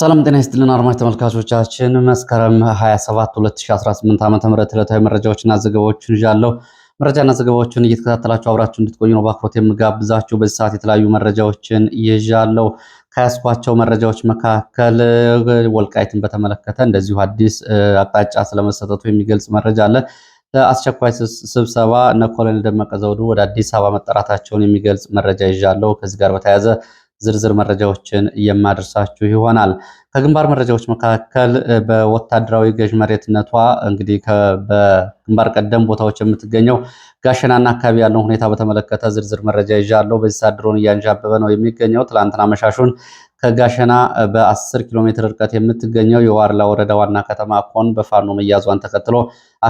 ሰላም ጤና ይስጥልን አድማጭ ተመልካቾቻችን፣ መስከረም 27 2018 ዓ.ም ተመረተ ዕለታዊ መረጃዎችና ዘገባዎችን ይዣለሁ። መረጃና ዘገባዎችን እየተከታተላችሁ አብራችሁ እንድትቆዩ ነው በአክብሮት የምጋብዛችሁ። በዚህ ሰዓት የተለያዩ መረጃዎችን ይዣለሁ። ከያስኳቸው መረጃዎች መካከል ወልቃይትን በተመለከተ እንደዚሁ አዲስ አቅጣጫ ስለመሰጠቱ የሚገልጽ መረጃ አለ። ለአስቸኳይ ስብሰባ እነ ኮሎኔል ደመቀ ዘውዱ ወደ አዲስ አበባ መጠራታቸውን የሚገልጽ መረጃ ይዣለሁ። ከዚህ ጋር በተያያዘ ዝርዝር መረጃዎችን የማደርሳችሁ ይሆናል። ከግንባር መረጃዎች መካከል በወታደራዊ ገዥ መሬትነቷ እንግዲህ በግንባር ቀደም ቦታዎች የምትገኘው ጋሸናና አካባቢ ያለውን ሁኔታ በተመለከተ ዝርዝር መረጃ ይዣለሁ። በዚህ ሰዓት ድሮን እያንዣበበ ነው የሚገኘው። ትላንትና መሻሹን ከጋሸና በ10 ኪሎ ሜትር ርቀት የምትገኘው የዋርላ ወረዳ ዋና ከተማ ኮን በፋኖ መያዟን ተከትሎ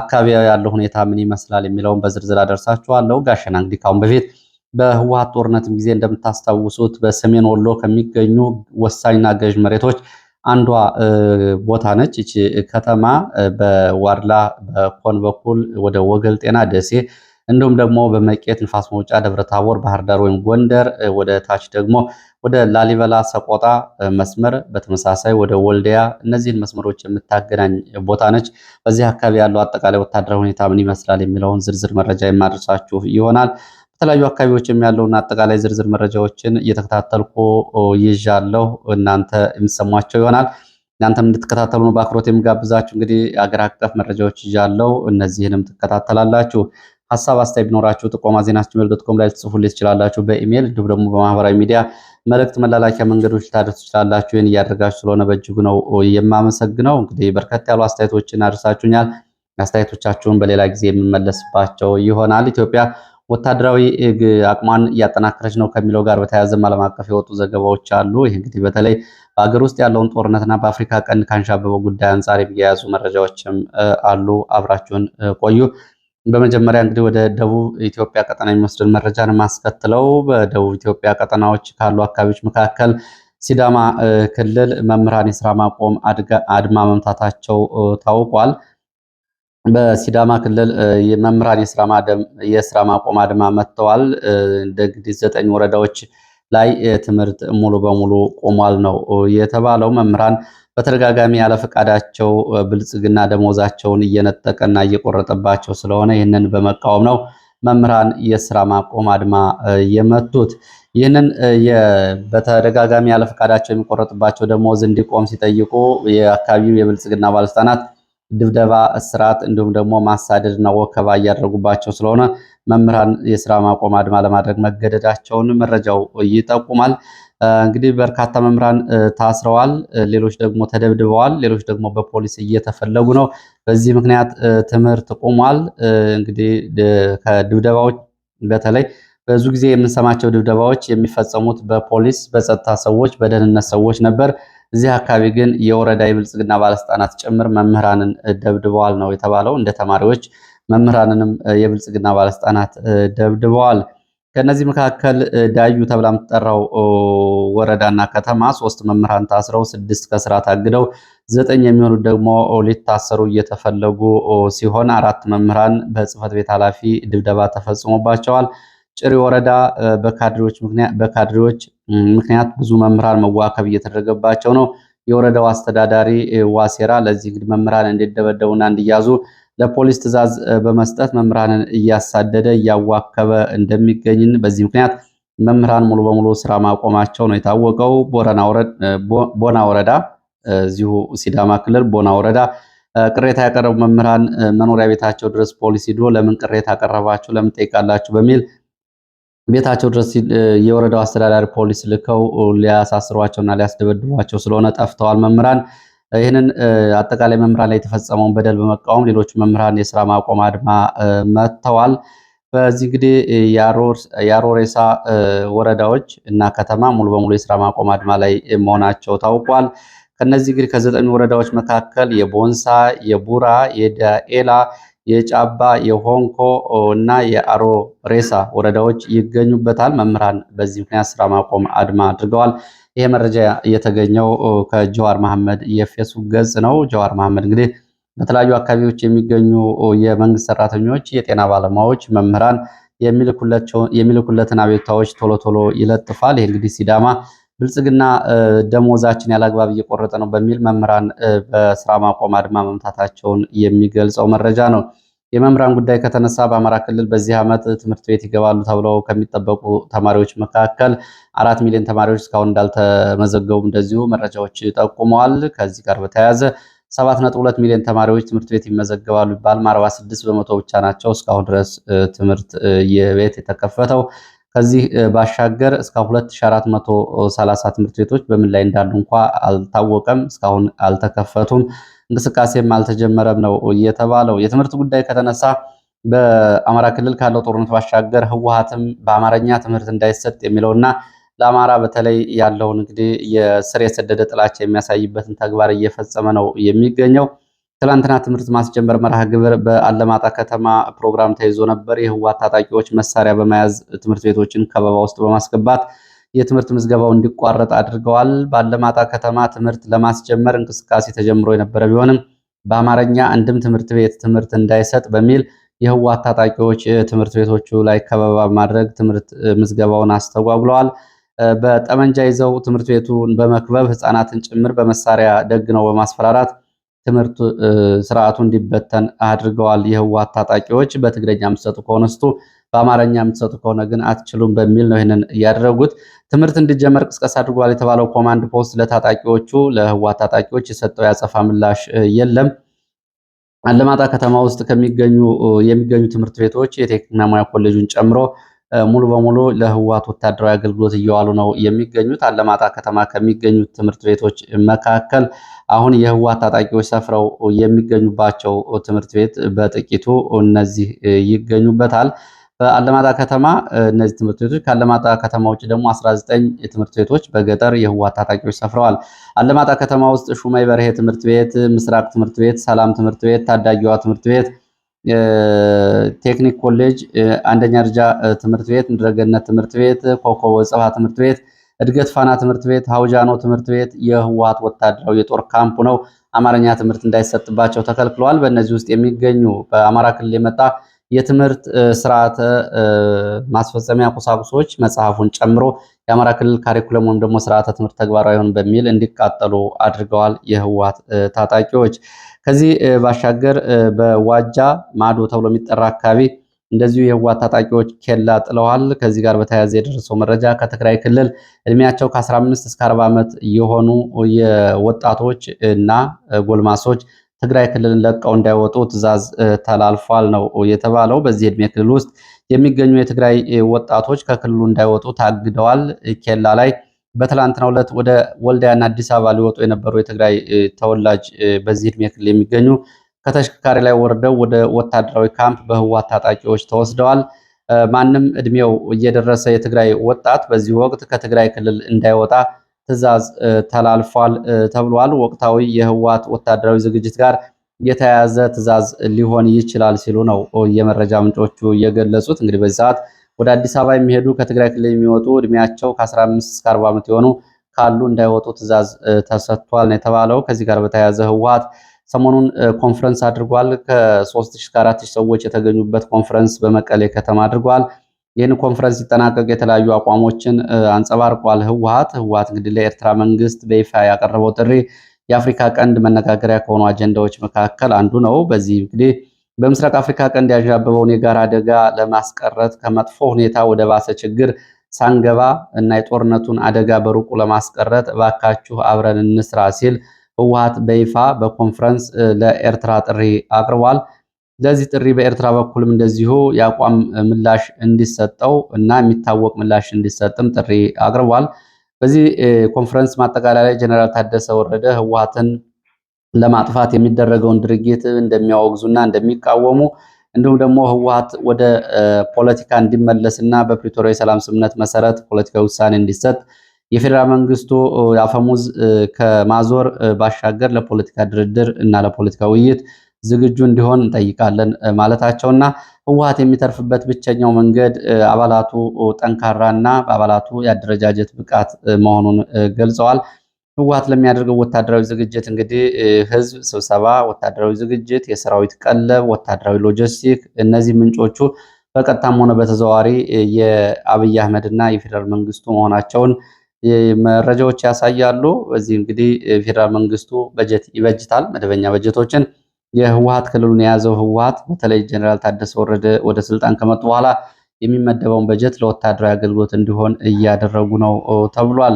አካባቢ ያለው ሁኔታ ምን ይመስላል የሚለውን በዝርዝር አደርሳችኋለሁ። ጋሸና እንግዲህ ካሁን በፊት በህወሀት ጦርነትም ጊዜ እንደምታስታውሱት በሰሜን ወሎ ከሚገኙ ወሳኝና ገዥ መሬቶች አንዷ ቦታ ነች። ይቺ ከተማ በዋድላ በኮን በኩል ወደ ወገል ጤና ደሴ፣ እንዲሁም ደግሞ በመቄት ንፋስ መውጫ ደብረ ታቦር፣ ባህር ዳር ወይም ጎንደር፣ ወደ ታች ደግሞ ወደ ላሊበላ ሰቆጣ መስመር፣ በተመሳሳይ ወደ ወልዲያ፣ እነዚህን መስመሮች የምታገናኝ ቦታ ነች። በዚህ አካባቢ ያለው አጠቃላይ ወታደራዊ ሁኔታ ምን ይመስላል የሚለውን ዝርዝር መረጃ የማደርሳችሁ ይሆናል። የተለያዩ አካባቢዎችም ያለውን አጠቃላይ ዝርዝር መረጃዎችን እየተከታተልኩ ይዣለሁ። እናንተ የምትሰሟቸው ይሆናል። እናንተም እንድትከታተሉ ነው በአክሮት የምጋብዛችሁ። እንግዲህ አገር አቀፍ መረጃዎች ይዣለሁ። እነዚህንም ትከታተላላችሁ። ሀሳብ አስተያየት ቢኖራችሁ ጥቆማ ዜናች ጂሜል ዶት ኮም ላይ ልትጽፉልኝ ትችላላችሁ፣ በኢሜይል እንዲሁም ደግሞ በማህበራዊ ሚዲያ መልእክት መላላኪያ መንገዶች ልታደርሱ ትችላላችሁ። ይህን እያደረጋችሁ ስለሆነ በእጅጉ ነው የማመሰግነው። እንግዲህ በርከት ያሉ አስተያየቶችን አድርሳችሁኛል። አስተያየቶቻችሁን በሌላ ጊዜ የምመለስባቸው ይሆናል። ኢትዮጵያ ወታደራዊ አቅሟን እያጠናከረች ነው ከሚለው ጋር በተያያዘም ዓለም አቀፍ የወጡ ዘገባዎች አሉ። ይህ እንግዲህ በተለይ በሀገር ውስጥ ያለውን ጦርነትና በአፍሪካ ቀንድ ካንሻበበው ጉዳይ አንጻር የሚያያዙ መረጃዎችም አሉ። አብራችሁን ቆዩ። በመጀመሪያ እንግዲህ ወደ ደቡብ ኢትዮጵያ ቀጠና የሚወስድን መረጃን ማስከትለው በደቡብ ኢትዮጵያ ቀጠናዎች ካሉ አካባቢዎች መካከል ሲዳማ ክልል መምህራን የስራ ማቆም አድማ መምታታቸው ታውቋል። በሲዳማ ክልል የመምህራን የስራ ማቆም አድማ መጥተዋል። እንግዲህ ዘጠኝ ወረዳዎች ላይ ትምህርት ሙሉ በሙሉ ቆሟል ነው የተባለው። መምህራን በተደጋጋሚ ያለፈቃዳቸው ብልጽግና ደሞዛቸውን እየነጠቀና እየቆረጠባቸው ስለሆነ ይህንን በመቃወም ነው መምህራን የስራ ማቆም አድማ የመቱት። ይህንን በተደጋጋሚ ያለፈቃዳቸው የሚቆረጥባቸው ደሞዝ እንዲቆም ሲጠይቁ የአካባቢው የብልጽግና ባለስልጣናት ድብደባ፣ እስራት እንዲሁም ደግሞ ማሳደድና ወከባ እያደረጉባቸው ስለሆነ መምህራን የስራ ማቆም አድማ ለማድረግ መገደዳቸውን መረጃው ይጠቁማል። እንግዲህ በርካታ መምህራን ታስረዋል፣ ሌሎች ደግሞ ተደብድበዋል፣ ሌሎች ደግሞ በፖሊስ እየተፈለጉ ነው። በዚህ ምክንያት ትምህርት ቆሟል። እንግዲህ ከድብደባዎች በተለይ ብዙ ጊዜ የምንሰማቸው ድብደባዎች የሚፈጸሙት በፖሊስ በጸጥታ ሰዎች፣ በደህንነት ሰዎች ነበር። እዚህ አካባቢ ግን የወረዳ የብልጽግና ባለስልጣናት ጭምር መምህራንን ደብድበዋል ነው የተባለው። እንደ ተማሪዎች መምህራንንም የብልጽግና ባለስልጣናት ደብድበዋል። ከእነዚህ መካከል ዳዩ ተብላ የምትጠራው ወረዳና ከተማ ሶስት መምህራን ታስረው ስድስት ከስራ ታግደው ዘጠኝ የሚሆኑት ደግሞ ሊታሰሩ እየተፈለጉ ሲሆን አራት መምህራን በጽህፈት ቤት ኃላፊ ድብደባ ተፈጽሞባቸዋል። ጭሪ ወረዳ በካድሬዎች ምክንያት በካድሬዎች ምክንያት ብዙ መምህራን መዋከብ እየተደረገባቸው ነው። የወረዳው አስተዳዳሪ ዋሴራ ለዚህ እንግዲህ መምህራን እንዲደበደቡና እንዲያዙ ለፖሊስ ትዕዛዝ በመስጠት መምህራንን እያሳደደ እያዋከበ እንደሚገኝን በዚህ ምክንያት መምህራን ሙሉ በሙሉ ስራ ማቆማቸው ነው የታወቀው። ቦና ወረዳ እዚሁ ሲዳማ ክልል ቦና ወረዳ ቅሬታ ያቀረቡ መምህራን መኖሪያ ቤታቸው ድረስ ፖሊስ ሂዶ ለምን ቅሬታ ያቀረባችሁ ለምን ጠይቃላችሁ በሚል ቤታቸው ድረስ የወረዳው አስተዳዳሪ ፖሊስ ልከው ሊያሳስሯቸውና ሊያስደበድቧቸው ስለሆነ ጠፍተዋል መምህራን። ይህንን አጠቃላይ መምህራን ላይ የተፈጸመውን በደል በመቃወም ሌሎች መምህራን የስራ ማቆም አድማ መጥተዋል። በዚህ እንግዲህ የአሮሬሳ ወረዳዎች እና ከተማ ሙሉ በሙሉ የስራ ማቆም አድማ ላይ መሆናቸው ታውቋል። ከነዚህ እንግዲህ ከዘጠኙ ወረዳዎች መካከል የቦንሳ፣ የቡራ፣ የዳኤላ የጫባ የሆንኮ እና የአሮ ሬሳ ወረዳዎች ይገኙበታል። መምህራን በዚህ ምክንያት ስራ ማቆም አድማ አድርገዋል። ይሄ መረጃ የተገኘው ከጀዋር መሐመድ የፌስቡክ ገጽ ነው። ጀዋር መሐመድ እንግዲህ በተለያዩ አካባቢዎች የሚገኙ የመንግስት ሰራተኞች፣ የጤና ባለሙያዎች፣ መምህራን የሚልኩለትን አቤቱታዎች ቶሎ ቶሎ ይለጥፋል። ይህ እንግዲህ ሲዳማ ብልጽግና ደሞዛችን ያላግባብ እየቆረጠ ነው በሚል መምህራን በስራ ማቆም አድማ መምታታቸውን የሚገልጸው መረጃ ነው። የመምህራን ጉዳይ ከተነሳ በአማራ ክልል በዚህ ዓመት ትምህርት ቤት ይገባሉ ተብለው ከሚጠበቁ ተማሪዎች መካከል አራት ሚሊዮን ተማሪዎች እስካሁን እንዳልተመዘገቡ እንደዚሁ መረጃዎች ጠቁመዋል። ከዚህ ጋር በተያያዘ ሰባት ነጥብ ሁለት ሚሊዮን ተማሪዎች ትምህርት ቤት ይመዘገባሉ ቢባልም አርባ በመቶ ብቻ ናቸው እስካሁን ድረስ ትምህርት ቤት የተከፈተው። ከዚህ ባሻገር እስከ 2430 ትምህርት ቤቶች በምን ላይ እንዳሉ እንኳ አልታወቀም። እስካሁን አልተከፈቱም፣ እንቅስቃሴም አልተጀመረም ነው እየተባለው። የትምህርት ጉዳይ ከተነሳ በአማራ ክልል ካለው ጦርነት ባሻገር ህወሓትም በአማርኛ ትምህርት እንዳይሰጥ የሚለው እና ለአማራ በተለይ ያለውን እንግዲህ የስር የሰደደ ጥላቻ የሚያሳይበትን ተግባር እየፈጸመ ነው የሚገኘው። ትላንትና ትምህርት ማስጀመር መርሃ ግብር በአለማጣ ከተማ ፕሮግራም ተይዞ ነበር። የህዋ ታጣቂዎች መሳሪያ በመያዝ ትምህርት ቤቶችን ከበባ ውስጥ በማስገባት የትምህርት ምዝገባው እንዲቋረጥ አድርገዋል። በአለማጣ ከተማ ትምህርት ለማስጀመር እንቅስቃሴ ተጀምሮ የነበረ ቢሆንም በአማርኛ አንድም ትምህርት ቤት ትምህርት እንዳይሰጥ በሚል የህዋ ታጣቂዎች ትምህርት ቤቶቹ ላይ ከበባ በማድረግ ትምህርት ምዝገባውን አስተጓጉለዋል። በጠመንጃ ይዘው ትምህርት ቤቱን በመክበብ ህፃናትን ጭምር በመሳሪያ ደግነው በማስፈራራት ትምህርት ስርዓቱ እንዲበተን አድርገዋል። የህወሓት ታጣቂዎች በትግረኛ የምትሰጡ ከሆነ ስጡ፣ በአማርኛ የምትሰጡ ከሆነ ግን አትችሉም በሚል ነው ይህንን ያደረጉት። ትምህርት እንዲጀመር ቅስቀስ አድርገዋል የተባለው ኮማንድ ፖስት ለታጣቂዎቹ ለህወሓት ታጣቂዎች የሰጠው ያጸፋ ምላሽ የለም። አለማጣ ከተማ ውስጥ ከሚገኙ የሚገኙ ትምህርት ቤቶች የቴክኒክና ሙያ ኮሌጁን ጨምሮ ሙሉ በሙሉ ለህዋት ወታደራዊ አገልግሎት እየዋሉ ነው የሚገኙት። አለማጣ ከተማ ከሚገኙት ትምህርት ቤቶች መካከል አሁን የህዋት ታጣቂዎች ሰፍረው የሚገኙባቸው ትምህርት ቤት በጥቂቱ እነዚህ ይገኙበታል። በአለማጣ ከተማ እነዚህ ትምህርት ቤቶች ከአለማጣ ከተማ ውጭ ደግሞ 19 ትምህርት ቤቶች በገጠር የህዋት ታጣቂዎች ሰፍረዋል። አለማጣ ከተማ ውስጥ ሹማይ በርሄ ትምህርት ቤት፣ ምስራቅ ትምህርት ቤት፣ ሰላም ትምህርት ቤት፣ ታዳጊዋ ትምህርት ቤት ቴክኒክ ኮሌጅ፣ አንደኛ ደረጃ ትምህርት ቤት፣ ምድረገነት ትምህርት ቤት፣ ኮከበ ጽባህ ትምህርት ቤት፣ እድገት ፋና ትምህርት ቤት፣ ሀውጃኖ ትምህርት ቤት የህወሓት ወታደራዊ የጦር ካምፕ ነው። አማርኛ ትምህርት እንዳይሰጥባቸው ተከልክለዋል። በእነዚህ ውስጥ የሚገኙ በአማራ ክልል የመጣ የትምህርት ስርዓተ ማስፈጸሚያ ቁሳቁሶች መጽሐፉን ጨምሮ የአማራ ክልል ካሪኩለም ወይም ደግሞ ስርዓተ ትምህርት ተግባራዊ ሆን በሚል እንዲቃጠሉ አድርገዋል የህወሓት ታጣቂዎች። ከዚህ ባሻገር በዋጃ ማዶ ተብሎ የሚጠራ አካባቢ እንደዚሁ የህወሓት ታጣቂዎች ኬላ ጥለዋል። ከዚህ ጋር በተያያዘ የደረሰው መረጃ ከትግራይ ክልል እድሜያቸው ከ15 እስከ 40 ዓመት የሆኑ የወጣቶች እና ጎልማሶች ትግራይ ክልልን ለቀው እንዳይወጡ ትዕዛዝ ተላልፏል ነው የተባለው። በዚህ እድሜ ክልል ውስጥ የሚገኙ የትግራይ ወጣቶች ከክልሉ እንዳይወጡ ታግደዋል። ኬላ ላይ በትላንትናው ዕለት ወደ ወልዲያና አዲስ አበባ ሊወጡ የነበሩ የትግራይ ተወላጅ በዚህ እድሜ ክልል የሚገኙ ከተሽከርካሪ ላይ ወርደው ወደ ወታደራዊ ካምፕ በህዋት ታጣቂዎች ተወስደዋል። ማንም እድሜው እየደረሰ የትግራይ ወጣት በዚህ ወቅት ከትግራይ ክልል እንዳይወጣ ትዕዛዝ ተላልፏል ተብሏል። ወቅታዊ የህወሓት ወታደራዊ ዝግጅት ጋር የተያያዘ ትዕዛዝ ሊሆን ይችላል ሲሉ ነው የመረጃ ምንጮቹ የገለጹት። እንግዲህ በዚህ ሰዓት ወደ አዲስ አበባ የሚሄዱ ከትግራይ ክልል የሚወጡ እድሜያቸው ከ15 እስከ 40 ዓመት የሆኑ ካሉ እንዳይወጡ ትዕዛዝ ተሰጥቷል ነው የተባለው። ከዚህ ጋር በተያያዘ ህወሓት ሰሞኑን ኮንፈረንስ አድርጓል። ከ3000 እስከ 4000 ሰዎች የተገኙበት ኮንፈረንስ በመቀሌ ከተማ አድርጓል። ይህን ኮንፈረንስ ሲጠናቀቅ የተለያዩ አቋሞችን አንጸባርቋል። ህወሀት ህወሀት እንግዲህ ለኤርትራ መንግስት በይፋ ያቀረበው ጥሪ የአፍሪካ ቀንድ መነጋገሪያ ከሆኑ አጀንዳዎች መካከል አንዱ ነው። በዚህ እንግዲህ በምስራቅ አፍሪካ ቀንድ ያዣበበውን የጋራ አደጋ ለማስቀረት ከመጥፎ ሁኔታ ወደ ባሰ ችግር ሳንገባ እና የጦርነቱን አደጋ በሩቁ ለማስቀረት እባካችሁ አብረን እንስራ ሲል ህወሀት በይፋ በኮንፈረንስ ለኤርትራ ጥሪ አቅርቧል። ለዚህ ጥሪ በኤርትራ በኩልም እንደዚሁ የአቋም ምላሽ እንዲሰጠው እና የሚታወቅ ምላሽ እንዲሰጥም ጥሪ አቅርቧል። በዚህ ኮንፈረንስ ማጠቃለያ ላይ ጀነራል ታደሰ ወረደ ህወሓትን ለማጥፋት የሚደረገውን ድርጊት እንደሚያወግዙና እንደሚቃወሙ እንዲሁም ደግሞ ህወሓት ወደ ፖለቲካ እንዲመለስና በፕሪቶሪያ የሰላም ስምምነት መሰረት ፖለቲካዊ ውሳኔ እንዲሰጥ የፌዴራል መንግስቱ አፈሙዝ ከማዞር ባሻገር ለፖለቲካ ድርድር እና ለፖለቲካ ውይይት ዝግጁ እንዲሆን እንጠይቃለን ማለታቸውና ህወሀት የሚተርፍበት ብቸኛው መንገድ አባላቱ ጠንካራና በአባላቱ የአደረጃጀት ብቃት መሆኑን ገልጸዋል። ህወሀት ለሚያደርገው ወታደራዊ ዝግጅት እንግዲህ ህዝብ ስብሰባ፣ ወታደራዊ ዝግጅት፣ የሰራዊት ቀለብ፣ ወታደራዊ ሎጂስቲክ እነዚህ ምንጮቹ በቀጥታም ሆነ በተዘዋዋሪ የአብይ አህመድና የፌዴራል መንግስቱ መሆናቸውን መረጃዎች ያሳያሉ። በዚህ እንግዲህ ፌዴራል መንግስቱ በጀት ይበጅታል፣ መደበኛ በጀቶችን የህወሀት ክልሉን የያዘው ህወሀት በተለይ ጀኔራል ታደሰ ወረደ ወደ ስልጣን ከመጡ በኋላ የሚመደበውን በጀት ለወታደራዊ አገልግሎት እንዲሆን እያደረጉ ነው ተብሏል።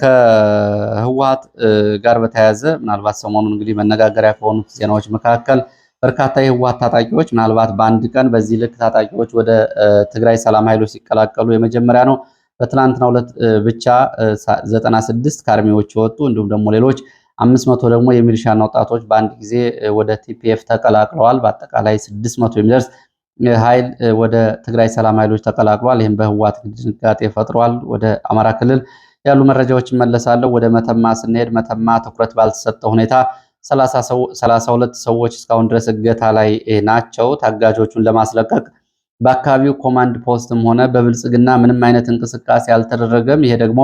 ከህወሀት ጋር በተያያዘ ምናልባት ሰሞኑን እንግዲህ መነጋገሪያ ከሆኑት ዜናዎች መካከል በርካታ የህወሀት ታጣቂዎች ምናልባት በአንድ ቀን በዚህ ልክ ታጣቂዎች ወደ ትግራይ ሰላም ኃይሎች ሲቀላቀሉ የመጀመሪያ ነው። በትናንትናው ሁለት ብቻ ዘጠና ስድስት ከአርሚዎች የወጡ እንዲሁም ደግሞ ሌሎች አምስት መቶ ደግሞ የሚሊሻና ወጣቶች በአንድ ጊዜ ወደ ቲፒኤፍ ተቀላቅለዋል። በአጠቃላይ ስድስት መቶ የሚደርስ ኃይል ወደ ትግራይ ሰላም ኃይሎች ተቀላቅሏል። ይህም በህዋት ድንጋጤ ፈጥሯል። ወደ አማራ ክልል ያሉ መረጃዎች መለሳለሁ። ወደ መተማ ስንሄድ መተማ ትኩረት ባልተሰጠ ሁኔታ ሰላሳ ሁለት ሰዎች እስካሁን ድረስ እገታ ላይ ናቸው። ታጋጆቹን ለማስለቀቅ በአካባቢው ኮማንድ ፖስትም ሆነ በብልጽግና ምንም አይነት እንቅስቃሴ አልተደረገም። ይሄ ደግሞ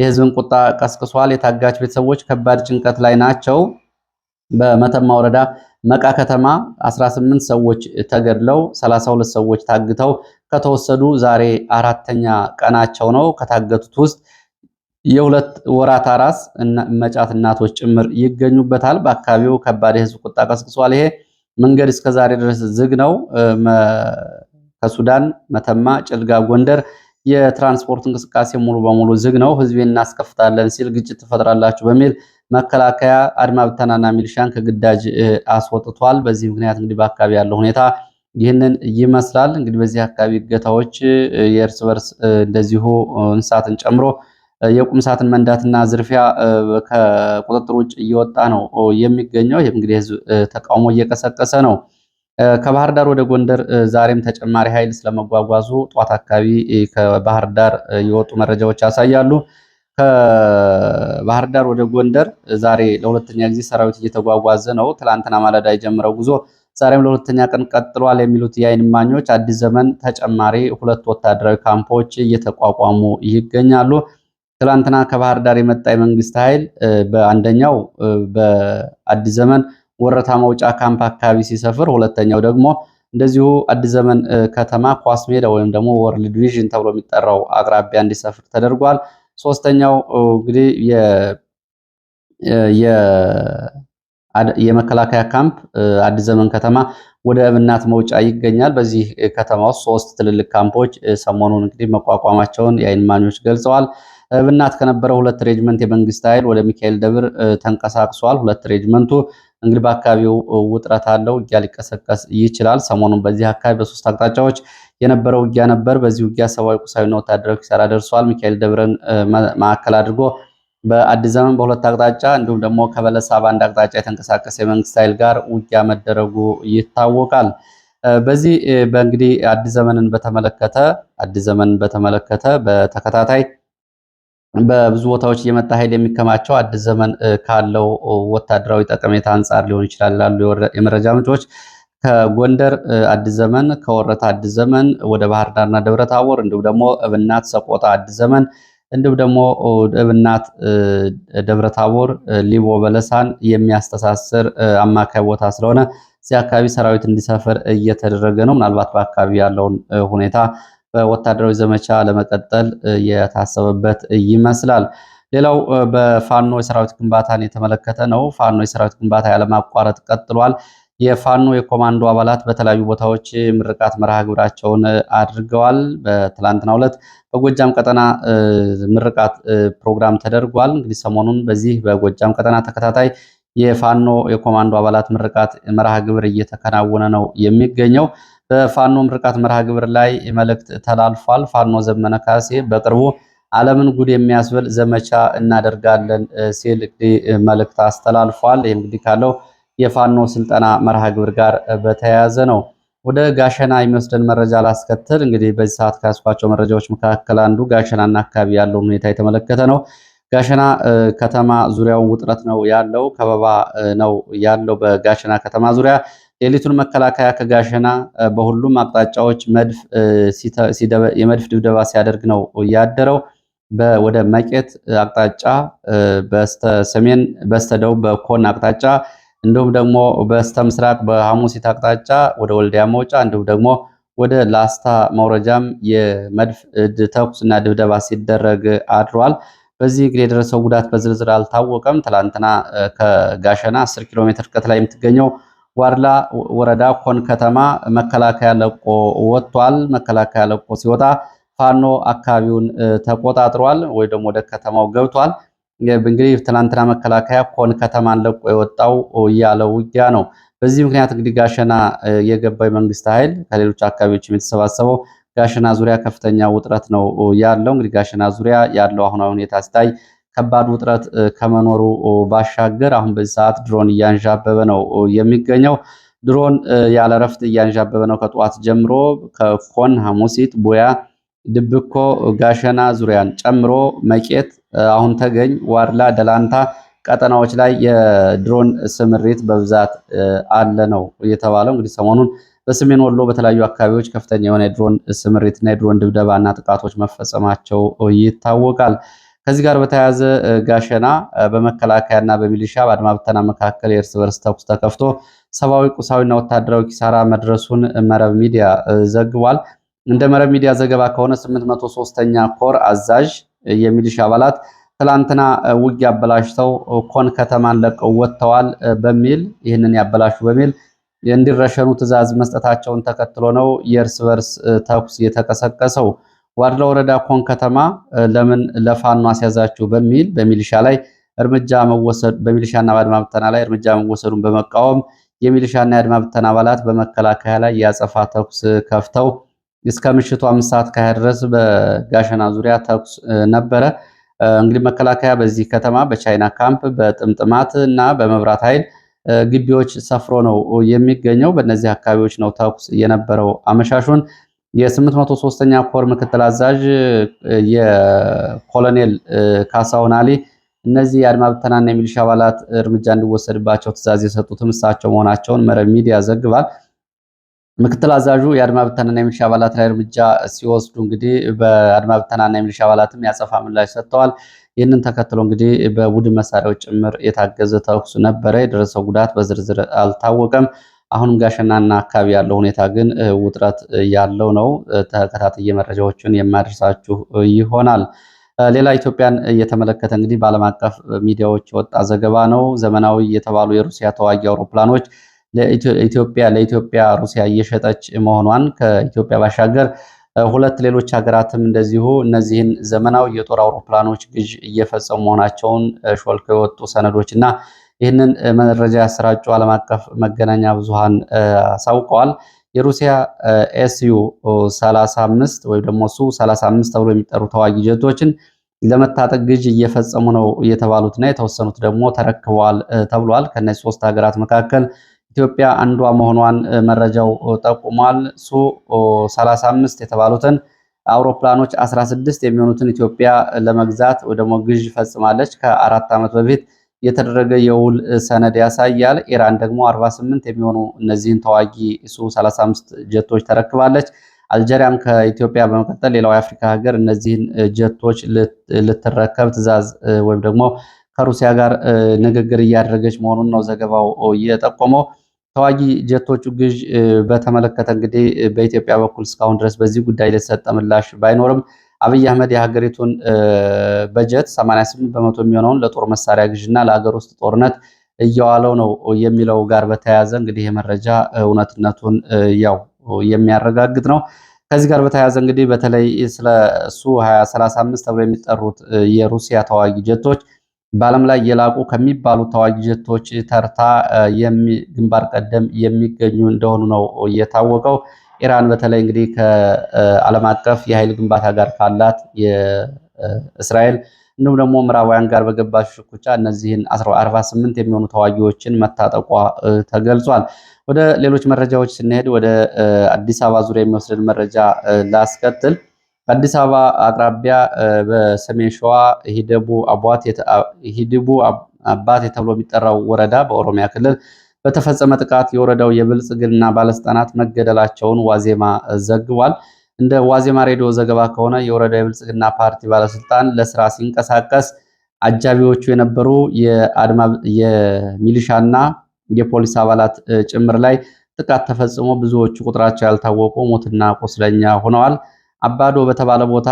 የህዝብን ቁጣ ቀስቅሷል። የታጋች ቤተሰቦች ከባድ ጭንቀት ላይ ናቸው። በመተማ ወረዳ መቃ ከተማ 18 ሰዎች ተገድለው 32 ሰዎች ታግተው ከተወሰዱ ዛሬ አራተኛ ቀናቸው ነው። ከታገቱት ውስጥ የሁለት ወራት አራስ መጫት እናቶች ጭምር ይገኙበታል። በአካባቢው ከባድ የህዝብ ቁጣ ቀስቅሷል። ይሄ መንገድ እስከዛሬ ድረስ ዝግ ነው። ከሱዳን መተማ፣ ጭልጋ፣ ጎንደር የትራንስፖርት እንቅስቃሴ ሙሉ በሙሉ ዝግ ነው፣ ህዝቤን እናስከፍታለን ሲል ግጭት ትፈጥራላችሁ በሚል መከላከያ አድማ ብተናና ሚሊሻን ከግዳጅ አስወጥቷል። በዚህ ምክንያት እንግዲህ በአካባቢ ያለው ሁኔታ ይህንን ይመስላል። እንግዲህ በዚህ አካባቢ እገታዎች፣ የእርስ በርስ እንደዚሁ እንስሳትን ጨምሮ የቁም ሳጥን መንዳትና ዝርፊያ ከቁጥጥር ውጭ እየወጣ ነው የሚገኘው። ይህም እንግዲህ ህዝብ ተቃውሞ እየቀሰቀሰ ነው። ከባህር ዳር ወደ ጎንደር ዛሬም ተጨማሪ ኃይል ስለመጓጓዙ ጧት አካባቢ ከባህር ዳር የወጡ መረጃዎች ያሳያሉ። ከባህር ዳር ወደ ጎንደር ዛሬ ለሁለተኛ ጊዜ ሰራዊት እየተጓጓዘ ነው። ትላንትና ማለዳ የጀመረው ጉዞ ዛሬም ለሁለተኛ ቀን ቀጥሏል የሚሉት የዓይን እማኞች አዲስ ዘመን ተጨማሪ ሁለት ወታደራዊ ካምፖች እየተቋቋሙ ይገኛሉ። ትላንትና ከባህር ዳር የመጣ የመንግስት ኃይል በአንደኛው በአዲስ ዘመን ወረታ መውጫ ካምፕ አካባቢ ሲሰፍር፣ ሁለተኛው ደግሞ እንደዚሁ አዲስ ዘመን ከተማ ኳስ ሜዳ ወይም ደግሞ ወርልድ ቪዥን ተብሎ የሚጠራው አቅራቢያ እንዲሰፍር ተደርጓል። ሶስተኛው እንግዲህ የመከላከያ ካምፕ አዲስ ዘመን ከተማ ወደ እብናት መውጫ ይገኛል። በዚህ ከተማ ውስጥ ሶስት ትልልቅ ካምፖች ሰሞኑን እንግዲህ መቋቋማቸውን የአይን ማኞች ገልጸዋል። እብናት ከነበረው ሁለት ሬጅመንት የመንግስት ኃይል ወደ ሚካኤል ደብር ተንቀሳቅሷል። ሁለት ሬጅመንቱ እንግዲህ በአካባቢው ውጥረት አለው። ውጊያ ሊቀሰቀስ ይችላል። ሰሞኑን በዚህ አካባቢ በሶስት አቅጣጫዎች የነበረው ውጊያ ነበር። በዚህ ውጊያ ሰብአዊ፣ ቁሳዊና ወታደራዊ ኪሳራ ደርሷል። ሚካኤል ደብረን ማዕከል አድርጎ በአዲስ ዘመን በሁለት አቅጣጫ እንዲሁም ደግሞ ከበለሳ በአንድ አቅጣጫ የተንቀሳቀሰ የመንግስት ኃይል ጋር ውጊያ መደረጉ ይታወቃል። በዚህ በእንግዲህ አዲስ ዘመንን በተመለከተ አዲስ ዘመንን በተመለከተ በተከታታይ በብዙ ቦታዎች እየመጣ ኃይል የሚከማቸው አዲስ ዘመን ካለው ወታደራዊ ጠቀሜታ አንጻር ሊሆን ይችላል ላሉ የመረጃ ምንጮች ከጎንደር አዲስ ዘመን፣ ከወረታ አዲስ ዘመን ወደ ባህር ዳርና ደብረ ታቦር እንዲሁም ደግሞ እብናት ሰቆጣ አዲስ ዘመን እንዲሁም ደግሞ እብናት ደብረ ታቦር ሊቦ በለሳን የሚያስተሳስር አማካይ ቦታ ስለሆነ እዚህ አካባቢ ሰራዊት እንዲሰፍር እየተደረገ ነው። ምናልባት በአካባቢ ያለውን ሁኔታ በወታደራዊ ዘመቻ ለመቀጠል የታሰበበት ይመስላል። ሌላው በፋኖ የሰራዊት ግንባታን የተመለከተ ነው። ፋኖ የሰራዊት ግንባታ ያለማቋረጥ ቀጥሏል። የፋኖ የኮማንዶ አባላት በተለያዩ ቦታዎች ምርቃት መርሃ ግብራቸውን አድርገዋል። በትላንትናው ዕለት በጎጃም ቀጠና ምርቃት ፕሮግራም ተደርጓል። እንግዲህ ሰሞኑን በዚህ በጎጃም ቀጠና ተከታታይ የፋኖ የኮማንዶ አባላት ምርቃት መርሃ ግብር እየተከናወነ ነው የሚገኘው። በፋኖ ምርቃት መርሃ ግብር ላይ መልእክት ተላልፏል። ፋኖ ዘመነ ካሴ በቅርቡ ዓለምን ጉድ የሚያስብል ዘመቻ እናደርጋለን ሲል መልእክት አስተላልፏል። ይህ እንግዲህ ካለው የፋኖ ስልጠና መርሃ ግብር ጋር በተያያዘ ነው። ወደ ጋሸና የሚወስደን መረጃ ላስከትል። እንግዲህ በዚህ ሰዓት ካስኳቸው መረጃዎች መካከል አንዱ ጋሸናና አካባቢ ያለውን ሁኔታ የተመለከተ ነው። ጋሸና ከተማ ዙሪያውን ውጥረት ነው ያለው፣ ከበባ ነው ያለው በጋሸና ከተማ ዙሪያ ሌሊቱን መከላከያ ከጋሸና በሁሉም አቅጣጫዎች የመድፍ ድብደባ ሲያደርግ ነው ያደረው። ወደ መቄት አቅጣጫ በስተሰሜን በስተደቡብ በኮን አቅጣጫ እንዲሁም ደግሞ በስተምስራቅ በሐሙሲት አቅጣጫ ወደ ወልዲያ መውጫ እንዲሁም ደግሞ ወደ ላስታ መውረጃም የመድፍ ተኩስና ድብደባ ሲደረግ አድሯል። በዚህ እንግዲህ የደረሰው ጉዳት በዝርዝር አልታወቀም። ትላንትና ከጋሸና 10 ኪሎ ሜትር ርቀት ላይ የምትገኘው ዋድላ ወረዳ ኮን ከተማ መከላከያ ለቆ ወጥቷል። መከላከያ ለቆ ሲወጣ ፋኖ አካባቢውን ተቆጣጥሯል ወይ ደግሞ ወደ ከተማው ገብቷል። እንግዲህ ትናንትና መከላከያ ኮን ከተማን ለቆ የወጣው ያለ ውጊያ ነው። በዚህ ምክንያት እንግዲህ ጋሸና የገባው መንግስት ኃይል ከሌሎች አካባቢዎች የተሰባሰበው ጋሸና ዙሪያ ከፍተኛ ውጥረት ነው ያለው። እንግዲህ ጋሸና ዙሪያ ያለው አሁናዊ ሁኔታ ሲታይ ከባድ ውጥረት ከመኖሩ ባሻገር አሁን በዚህ ሰዓት ድሮን እያንዣበበ ነው የሚገኘው። ድሮን ያለ ረፍት እያንዣበበ ነው። ከጠዋት ጀምሮ ከኮን፣ ሐሙሲት፣ ቡያ፣ ድብኮ፣ ጋሸና ዙሪያን ጨምሮ መቄት፣ አሁን ተገኝ፣ ዋድላ፣ ደላንታ ቀጠናዎች ላይ የድሮን ስምሪት በብዛት አለ ነው የተባለው። እንግዲህ ሰሞኑን በሰሜን ወሎ በተለያዩ አካባቢዎች ከፍተኛ የሆነ የድሮን ስምሪትና የድሮን ድብደባና ጥቃቶች መፈጸማቸው ይታወቃል። ከዚህ ጋር በተያያዘ ጋሸና በመከላከያና በሚሊሻ በአድማ ብተና መካከል የእርስ በርስ ተኩስ ተከፍቶ ሰብአዊ ቁሳዊና ወታደራዊ ኪሳራ መድረሱን መረብ ሚዲያ ዘግቧል። እንደ መረብ ሚዲያ ዘገባ ከሆነ 803ኛ ኮር አዛዥ የሚሊሻ አባላት ትላንትና ውጊ አበላሽተው ኮን ከተማን ለቀው ወጥተዋል በሚል ይህንን ያበላሹ በሚል እንዲረሸኑ ትዕዛዝ መስጠታቸውን ተከትሎ ነው የእርስ በርስ ተኩስ የተቀሰቀሰው። ዋድላ ወረዳ ኮን ከተማ ለምን ለፋኖ አስያዛችሁ በሚል በሚሊሻ ላይ እርምጃ መወሰድ በሚሊሻና በአድማ ብተና ላይ እርምጃ መወሰዱን በመቃወም የሚሊሻና የአድማ ብተና አባላት በመከላከያ ላይ ያጸፋ ተኩስ ከፍተው እስከ ምሽቱ አምስት ሰዓት ከሃያ ድረስ በጋሸና ዙሪያ ተኩስ ነበረ። እንግዲህ መከላከያ በዚህ ከተማ በቻይና ካምፕ በጥምጥማት እና በመብራት ኃይል ግቢዎች ሰፍሮ ነው የሚገኘው። በእነዚህ አካባቢዎች ነው ተኩስ የነበረው አመሻሹን የ803ኛ ኮር ምክትል አዛዥ የኮሎኔል ካሳሁን አሊ እነዚህ የአድማ ብተናና የሚሊሻ አባላት እርምጃ እንዲወሰድባቸው ትእዛዝ የሰጡትም እሳቸው መሆናቸውን መረብ ሚዲያ ዘግቧል። ምክትል አዛዡ የአድማ ብተናና የሚሊሻ አባላት ላይ እርምጃ ሲወስዱ እንግዲህ በአድማ ብተናና የሚሊሻ አባላትም ያጸፋ ምላሽ ሰጥተዋል። ይህንን ተከትሎ እንግዲህ በቡድን መሳሪያዎች ጭምር የታገዘ ተኩስ ነበረ። የደረሰው ጉዳት በዝርዝር አልታወቀም። አሁንም ጋሸናና አካባቢ ያለው ሁኔታ ግን ውጥረት ያለው ነው። ተከታትዬ መረጃዎችን የማደርሳችሁ ይሆናል። ሌላ ኢትዮጵያን እየተመለከተ እንግዲህ በዓለም አቀፍ ሚዲያዎች የወጣ ዘገባ ነው። ዘመናዊ የተባሉ የሩሲያ ተዋጊ አውሮፕላኖች ለኢትዮጵያ ለኢትዮጵያ ሩሲያ እየሸጠች መሆኗን ከኢትዮጵያ ባሻገር ሁለት ሌሎች ሀገራትም እንደዚሁ እነዚህን ዘመናዊ የጦር አውሮፕላኖች ግዥ እየፈጸሙ መሆናቸውን ሾልከው የወጡ ሰነዶች እና ይህንን መረጃ ያሰራጩ ዓለም አቀፍ መገናኛ ብዙሃን አሳውቀዋል። የሩሲያ ኤስዩ 35 ወይም ደግሞ ሱ 35 ተብሎ የሚጠሩ ተዋጊ ጀቶችን ለመታጠቅ ግዥ እየፈጸሙ ነው የተባሉትና የተወሰኑት ደግሞ ተረክበዋል ተብሏል። ከነዚህ ሶስት ሀገራት መካከል ኢትዮጵያ አንዷ መሆኗን መረጃው ጠቁሟል። ሱ 35 የተባሉትን አውሮፕላኖች 16 የሚሆኑትን ኢትዮጵያ ለመግዛት ወይ ደግሞ ግዥ ፈጽማለች ከአራት ዓመት በፊት የተደረገ የውል ሰነድ ያሳያል። ኢራን ደግሞ 48 የሚሆኑ እነዚህን ተዋጊ ሱ 35 ጀቶች ተረክባለች። አልጀሪያም ከኢትዮጵያ በመቀጠል ሌላው የአፍሪካ ሀገር እነዚህን ጀቶች ልትረከብ ትዕዛዝ ወይም ደግሞ ከሩሲያ ጋር ንግግር እያደረገች መሆኑን ነው ዘገባው እየጠቆመው። ተዋጊ ጀቶቹ ግዥ በተመለከተ እንግዲህ በኢትዮጵያ በኩል እስካሁን ድረስ በዚህ ጉዳይ ላይ ምላሽ ባይኖርም አብይ አህመድ የሀገሪቱን በጀት 88 በመቶ የሚሆነውን ለጦር መሳሪያ ግዥና ለሀገር ውስጥ ጦርነት እየዋለው ነው የሚለው ጋር በተያያዘ እንግዲህ የመረጃ እውነትነቱን ያው የሚያረጋግጥ ነው። ከዚህ ጋር በተያያዘ እንግዲህ በተለይ ስለ ሱ 235 ተብሎ የሚጠሩት የሩሲያ ተዋጊ ጀቶች በዓለም ላይ የላቁ ከሚባሉ ተዋጊ ጀቶች ተርታ ግንባር ቀደም የሚገኙ እንደሆኑ ነው የታወቀው። ኢራን በተለይ እንግዲህ ከዓለም አቀፍ የኃይል ግንባታ ጋር ካላት የእስራኤል እንዲሁም ደግሞ ምዕራባውያን ጋር በገባች ሽኩቻ እነዚህን 48 የሚሆኑ ተዋጊዎችን መታጠቋ ተገልጿል። ወደ ሌሎች መረጃዎች ስንሄድ ወደ አዲስ አበባ ዙሪያ የሚወስድን መረጃ ላስከትል። በአዲስ አበባ አቅራቢያ በሰሜን ሸዋ ሂደቡ አባት ተብሎ የሚጠራው ወረዳ በኦሮሚያ ክልል በተፈጸመ ጥቃት የወረዳው የብልጽግና ባለስልጣናት መገደላቸውን ዋዜማ ዘግቧል። እንደ ዋዜማ ሬዲዮ ዘገባ ከሆነ የወረዳው የብልጽግና ፓርቲ ባለስልጣን ለስራ ሲንቀሳቀስ አጃቢዎቹ የነበሩ የሚሊሻና የፖሊስ አባላት ጭምር ላይ ጥቃት ተፈጽሞ ብዙዎቹ ቁጥራቸው ያልታወቁ ሞትና ቁስለኛ ሆነዋል። አባዶ በተባለ ቦታ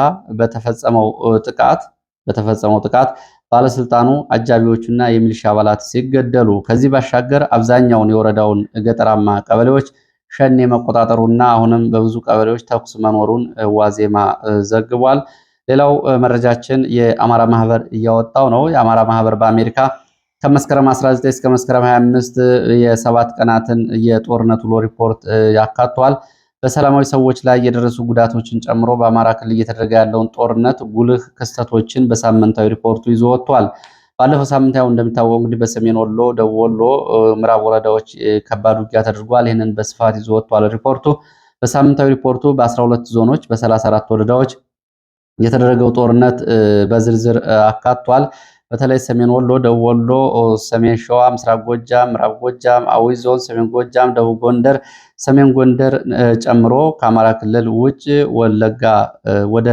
ጥቃት በተፈጸመው ጥቃት ባለስልጣኑ አጃቢዎቹና የሚሊሻ አባላት ሲገደሉ፣ ከዚህ ባሻገር አብዛኛውን የወረዳውን ገጠራማ ቀበሌዎች ሸኔ መቆጣጠሩና አሁንም በብዙ ቀበሌዎች ተኩስ መኖሩን ዋዜማ ዘግቧል። ሌላው መረጃችን የአማራ ማህበር እያወጣው ነው። የአማራ ማህበር በአሜሪካ ከመስከረም 19 እስከ መስከረም 25 የሰባት ቀናትን የጦርነት ውሎ ሪፖርት ያካቷል። በሰላማዊ ሰዎች ላይ የደረሱ ጉዳቶችን ጨምሮ በአማራ ክልል እየተደረገ ያለውን ጦርነት ጉልህ ክስተቶችን በሳምንታዊ ሪፖርቱ ይዞ ወጥቷል። ባለፈው ሳምንት ያው እንደሚታወቀው እንግዲህ በሰሜን ወሎ፣ ደቡብ ወሎ፣ ምዕራብ ወረዳዎች ከባድ ውጊያ ተደርጓል። ይህንን በስፋት ይዞ ወጥቷል ሪፖርቱ። በሳምንታዊ ሪፖርቱ በ12 ዞኖች በ34 ወረዳዎች የተደረገው ጦርነት በዝርዝር አካቷል። በተለይ ሰሜን ወሎ፣ ደቡብ ወሎ፣ ሰሜን ሸዋ፣ ምስራቅ ጎጃም፣ ምዕራብ ጎጃም፣ አዊ ዞን፣ ሰሜን ጎጃም፣ ደቡብ ጎንደር፣ ሰሜን ጎንደር ጨምሮ ከአማራ ክልል ውጭ ወለጋ ወደ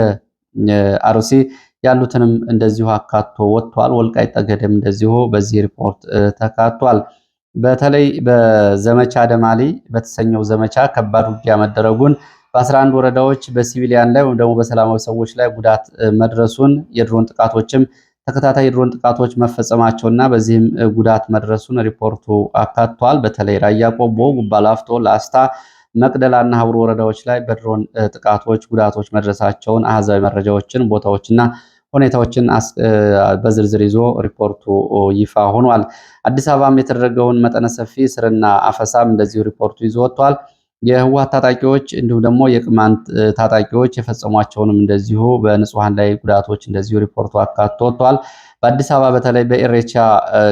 አርሲ ያሉትንም እንደዚሁ አካቶ ወጥቷል። ወልቃይት ጠገዴም እንደዚሁ በዚህ ሪፖርት ተካቷል። በተለይ በዘመቻ ደማሊ በተሰኘው ዘመቻ ከባድ ውጊያ መደረጉን በ11 ወረዳዎች በሲቪሊያን ላይ ወይም ደግሞ በሰላማዊ ሰዎች ላይ ጉዳት መድረሱን የድሮን ጥቃቶችም ተከታታይ የድሮን ጥቃቶች መፈጸማቸውና በዚህም ጉዳት መድረሱን ሪፖርቱ አካቷል። በተለይ ራያ ቆቦ፣ ጉባላፍቶ፣ ላስታ፣ መቅደላና ሀብሩ ወረዳዎች ላይ በድሮን ጥቃቶች ጉዳቶች መድረሳቸውን አሃዛዊ መረጃዎችን ቦታዎችና ሁኔታዎችን በዝርዝር ይዞ ሪፖርቱ ይፋ ሆኗል። አዲስ አበባም የተደረገውን መጠነ ሰፊ ስርና አፈሳም እንደዚሁ ሪፖርቱ ይዞ ወጥቷል። የህወሓት ታጣቂዎች እንዲሁም ደግሞ የቅማንት ታጣቂዎች የፈጸሟቸውንም እንደዚሁ በንጹሐን ላይ ጉዳቶች እንደዚሁ ሪፖርቱ አካቶ ወጥቷል። በአዲስ አበባ በተለይ በኢሬቻ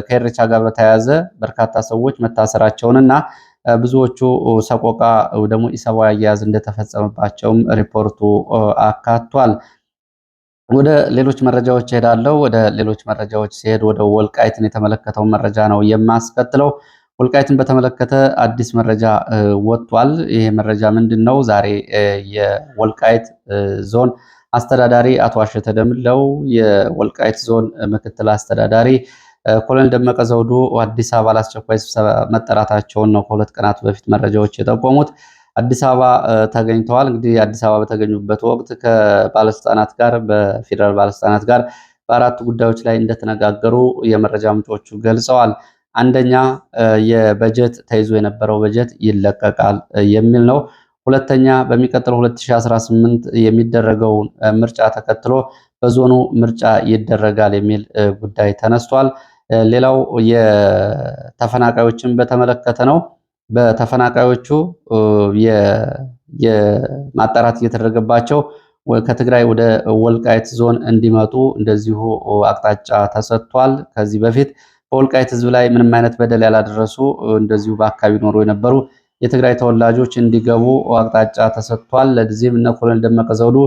ከኢሬቻ ጋር በተያያዘ በርካታ ሰዎች መታሰራቸውን እና ብዙዎቹ ሰቆቃ ደግሞ ኢሰብአዊ አያያዝ እንደተፈጸመባቸውም ሪፖርቱ አካቷል። ወደ ሌሎች መረጃዎች እሄዳለሁ። ወደ ሌሎች መረጃዎች ሲሄድ ወደ ወልቃይትን የተመለከተውን መረጃ ነው የማስከትለው። ወልቃይትን በተመለከተ አዲስ መረጃ ወጥቷል። ይህ መረጃ ምንድን ነው? ዛሬ የወልቃይት ዞን አስተዳዳሪ አቶ አሸተ ደምለው፣ የወልቃይት ዞን ምክትል አስተዳዳሪ ኮሎኔል ደመቀ ዘውዱ አዲስ አበባ ለአስቸኳይ ስብሰባ መጠራታቸውን ነው ከሁለት ቀናት በፊት መረጃዎች የጠቆሙት። አዲስ አበባ ተገኝተዋል። እንግዲህ አዲስ አበባ በተገኙበት ወቅት ከባለስልጣናት ጋር በፌደራል ባለስልጣናት ጋር በአራቱ ጉዳዮች ላይ እንደተነጋገሩ የመረጃ ምንጮቹ ገልጸዋል። አንደኛ የበጀት ተይዞ የነበረው በጀት ይለቀቃል የሚል ነው። ሁለተኛ በሚቀጥለው 2018 የሚደረገውን ምርጫ ተከትሎ በዞኑ ምርጫ ይደረጋል የሚል ጉዳይ ተነስቷል። ሌላው የተፈናቃዮችን በተመለከተ ነው። በተፈናቃዮቹ የማጣራት እየተደረገባቸው ከትግራይ ወደ ወልቃይት ዞን እንዲመጡ እንደዚሁ አቅጣጫ ተሰጥቷል። ከዚህ በፊት በወልቃይት ህዝብ ላይ ምንም አይነት በደል ያላደረሱ እንደዚሁ በአካባቢ ኖሮ የነበሩ የትግራይ ተወላጆች እንዲገቡ አቅጣጫ ተሰጥቷል። ለዚህም እነ ኮሎኔል ደመቀ ዘውዱ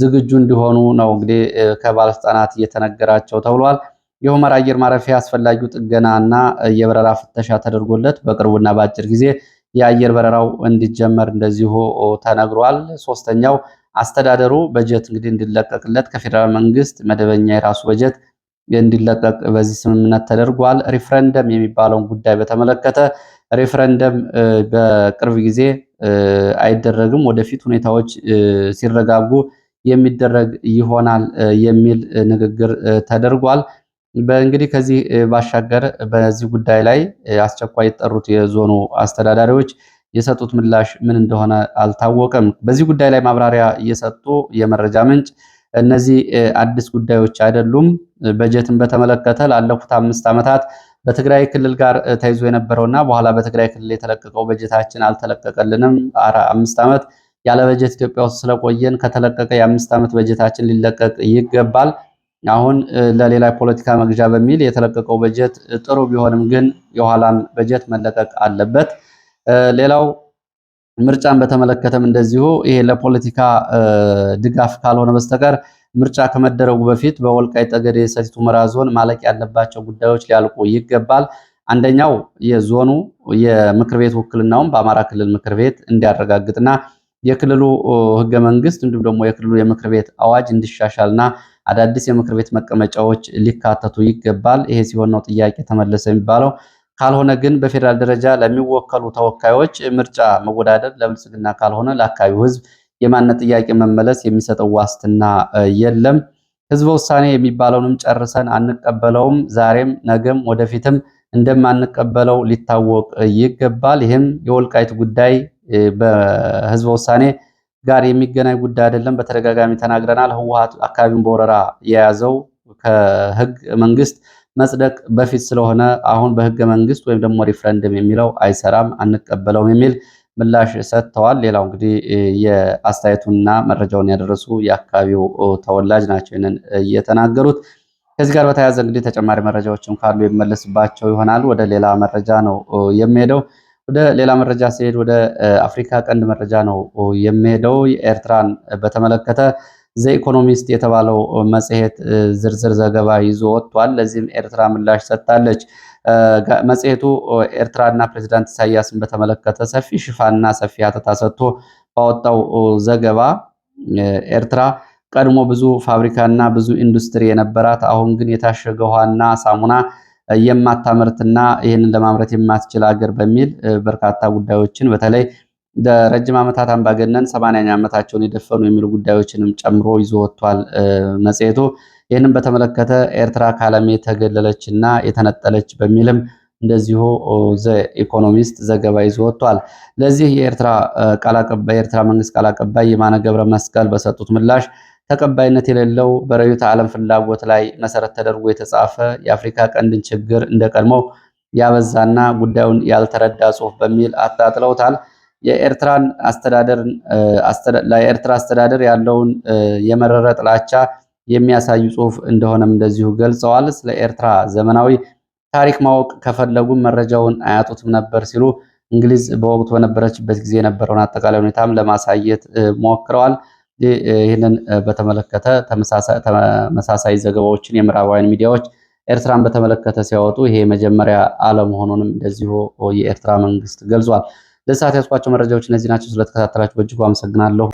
ዝግጁ እንዲሆኑ ነው እንግዲህ ከባለስልጣናት እየተነገራቸው ተብሏል። የሁመራ አየር ማረፊያ አስፈላጊው እና የበረራ ፍተሻ ተደርጎለት በቅርቡና በአጭር ጊዜ የአየር በረራው እንዲጀመር እንደዚሁ ተነግሯል። ሶስተኛው አስተዳደሩ በጀት እንግዲህ እንዲለቀቅለት ከፌዴራል መንግስት መደበኛ የራሱ በጀት እንዲለቀቅ በዚህ ስምምነት ተደርጓል። ሪፍረንደም የሚባለውን ጉዳይ በተመለከተ ሪፍረንደም በቅርብ ጊዜ አይደረግም፣ ወደፊት ሁኔታዎች ሲረጋጉ የሚደረግ ይሆናል የሚል ንግግር ተደርጓል። በእንግዲህ ከዚህ ባሻገር በዚህ ጉዳይ ላይ አስቸኳይ የጠሩት የዞኑ አስተዳዳሪዎች የሰጡት ምላሽ ምን እንደሆነ አልታወቀም። በዚህ ጉዳይ ላይ ማብራሪያ እየሰጡ የመረጃ ምንጭ እነዚህ አዲስ ጉዳዮች አይደሉም። በጀትን በተመለከተ ላለፉት አምስት ዓመታት በትግራይ ክልል ጋር ተይዞ የነበረውና በኋላ በትግራይ ክልል የተለቀቀው በጀታችን አልተለቀቀልንም። አምስት ዓመት ያለ በጀት ኢትዮጵያ ውስጥ ስለቆየን ከተለቀቀ የአምስት ዓመት በጀታችን ሊለቀቅ ይገባል። አሁን ለሌላ ፖለቲካ መግዣ በሚል የተለቀቀው በጀት ጥሩ ቢሆንም ግን የኋላም በጀት መለቀቅ አለበት። ሌላው ምርጫን በተመለከተም እንደዚሁ ይሄ ለፖለቲካ ድጋፍ ካልሆነ በስተቀር ምርጫ ከመደረጉ በፊት በወልቃይት ጠገዴ ሰቲት ሁመራ ዞን ማለቅ ያለባቸው ጉዳዮች ሊያልቁ ይገባል። አንደኛው የዞኑ የምክር ቤት ውክልናውን በአማራ ክልል ምክር ቤት እንዲያረጋግጥና የክልሉ ህገ መንግስት እንዲሁም ደግሞ የክልሉ የምክር ቤት አዋጅ እንዲሻሻልና አዳዲስ የምክር ቤት መቀመጫዎች ሊካተቱ ይገባል። ይሄ ሲሆን ነው ጥያቄ ተመለሰ የሚባለው። ካልሆነ ግን በፌዴራል ደረጃ ለሚወከሉ ተወካዮች ምርጫ መወዳደር ለብልጽግና ካልሆነ ለአካባቢው ህዝብ የማንነት ጥያቄ መመለስ የሚሰጠው ዋስትና የለም። ህዝበ ውሳኔ የሚባለውንም ጨርሰን አንቀበለውም። ዛሬም ነገም ወደፊትም እንደማንቀበለው ሊታወቅ ይገባል። ይህም የወልቃይት ጉዳይ በህዝበ ውሳኔ ጋር የሚገናኝ ጉዳይ አይደለም። በተደጋጋሚ ተናግረናል። ህወሓት አካባቢውን በወረራ የያዘው ከህግ መንግስት መጽደቅ በፊት ስለሆነ አሁን በህገ መንግስት ወይም ደግሞ ሪፍረንድም የሚለው አይሰራም፣ አንቀበለውም የሚል ምላሽ ሰጥተዋል። ሌላው እንግዲህ የአስተያየቱንና መረጃውን ያደረሱ የአካባቢው ተወላጅ ናቸው ይህንን እየተናገሩት። ከዚህ ጋር በተያያዘ እንግዲህ ተጨማሪ መረጃዎችም ካሉ የሚመለስባቸው ይሆናል። ወደ ሌላ መረጃ ነው የሚሄደው። ወደ ሌላ መረጃ ሲሄድ ወደ አፍሪካ ቀንድ መረጃ ነው የሚሄደው። የኤርትራን በተመለከተ ዘኢኮኖሚስት የተባለው መጽሔት ዝርዝር ዘገባ ይዞ ወጥቷል። ለዚህም ኤርትራ ምላሽ ሰጥታለች። መጽሔቱ ኤርትራና ፕሬዚዳንት ኢሳያስን በተመለከተ ሰፊ ሽፋንና ሰፊ ሀተታ ሰጥቶ ባወጣው ዘገባ ኤርትራ ቀድሞ ብዙ ፋብሪካና ብዙ ኢንዱስትሪ የነበራት አሁን ግን የታሸገ ውሃና ሳሙና የማታመርትና ይህንን ለማምረት የማትችል አገር በሚል በርካታ ጉዳዮችን በተለይ ለረጅም ዓመታት አምባገነን ሰማንያኛ ዓመታቸውን የደፈኑ የሚሉ ጉዳዮችንም ጨምሮ ይዞ ወጥቷል መጽሔቱ። ይህንም በተመለከተ ኤርትራ ከዓለም የተገለለች እና የተነጠለች በሚልም እንደዚሁ ኢኮኖሚስት ዘገባ ይዞ ወጥቷል። ለዚህ የኤርትራ መንግስት ቃል አቀባይ የማነ ገብረ መስቀል በሰጡት ምላሽ ተቀባይነት የሌለው በረዩት ዓለም ፍላጎት ላይ መሰረት ተደርጎ የተጻፈ የአፍሪካ ቀንድን ችግር እንደቀድሞ ያበዛና ጉዳዩን ያልተረዳ ጽሁፍ በሚል አጣጥለውታል። የኤርትራን አስተዳደር ለኤርትራ አስተዳደር ያለውን የመረረ ጥላቻ የሚያሳይ ጽሁፍ እንደሆነም እንደዚሁ ገልጸዋል። ስለ ኤርትራ ዘመናዊ ታሪክ ማወቅ ከፈለጉ መረጃውን አያጡትም ነበር ሲሉ እንግሊዝ በወቅቱ በነበረችበት ጊዜ የነበረውን አጠቃላይ ሁኔታም ለማሳየት ሞክረዋል። ይህንን በተመለከተ ተመሳሳይ ዘገባዎችን የምዕራባውያን ሚዲያዎች ኤርትራን በተመለከተ ሲያወጡ ይሄ መጀመሪያ አለመሆኑንም እንደዚሁ የኤርትራ መንግስት ገልጿል። ለሰዓት ያስኳቸው መረጃዎች እነዚህ ናቸው። ስለተከታተላችሁ በእጅጉ አመሰግናለሁ።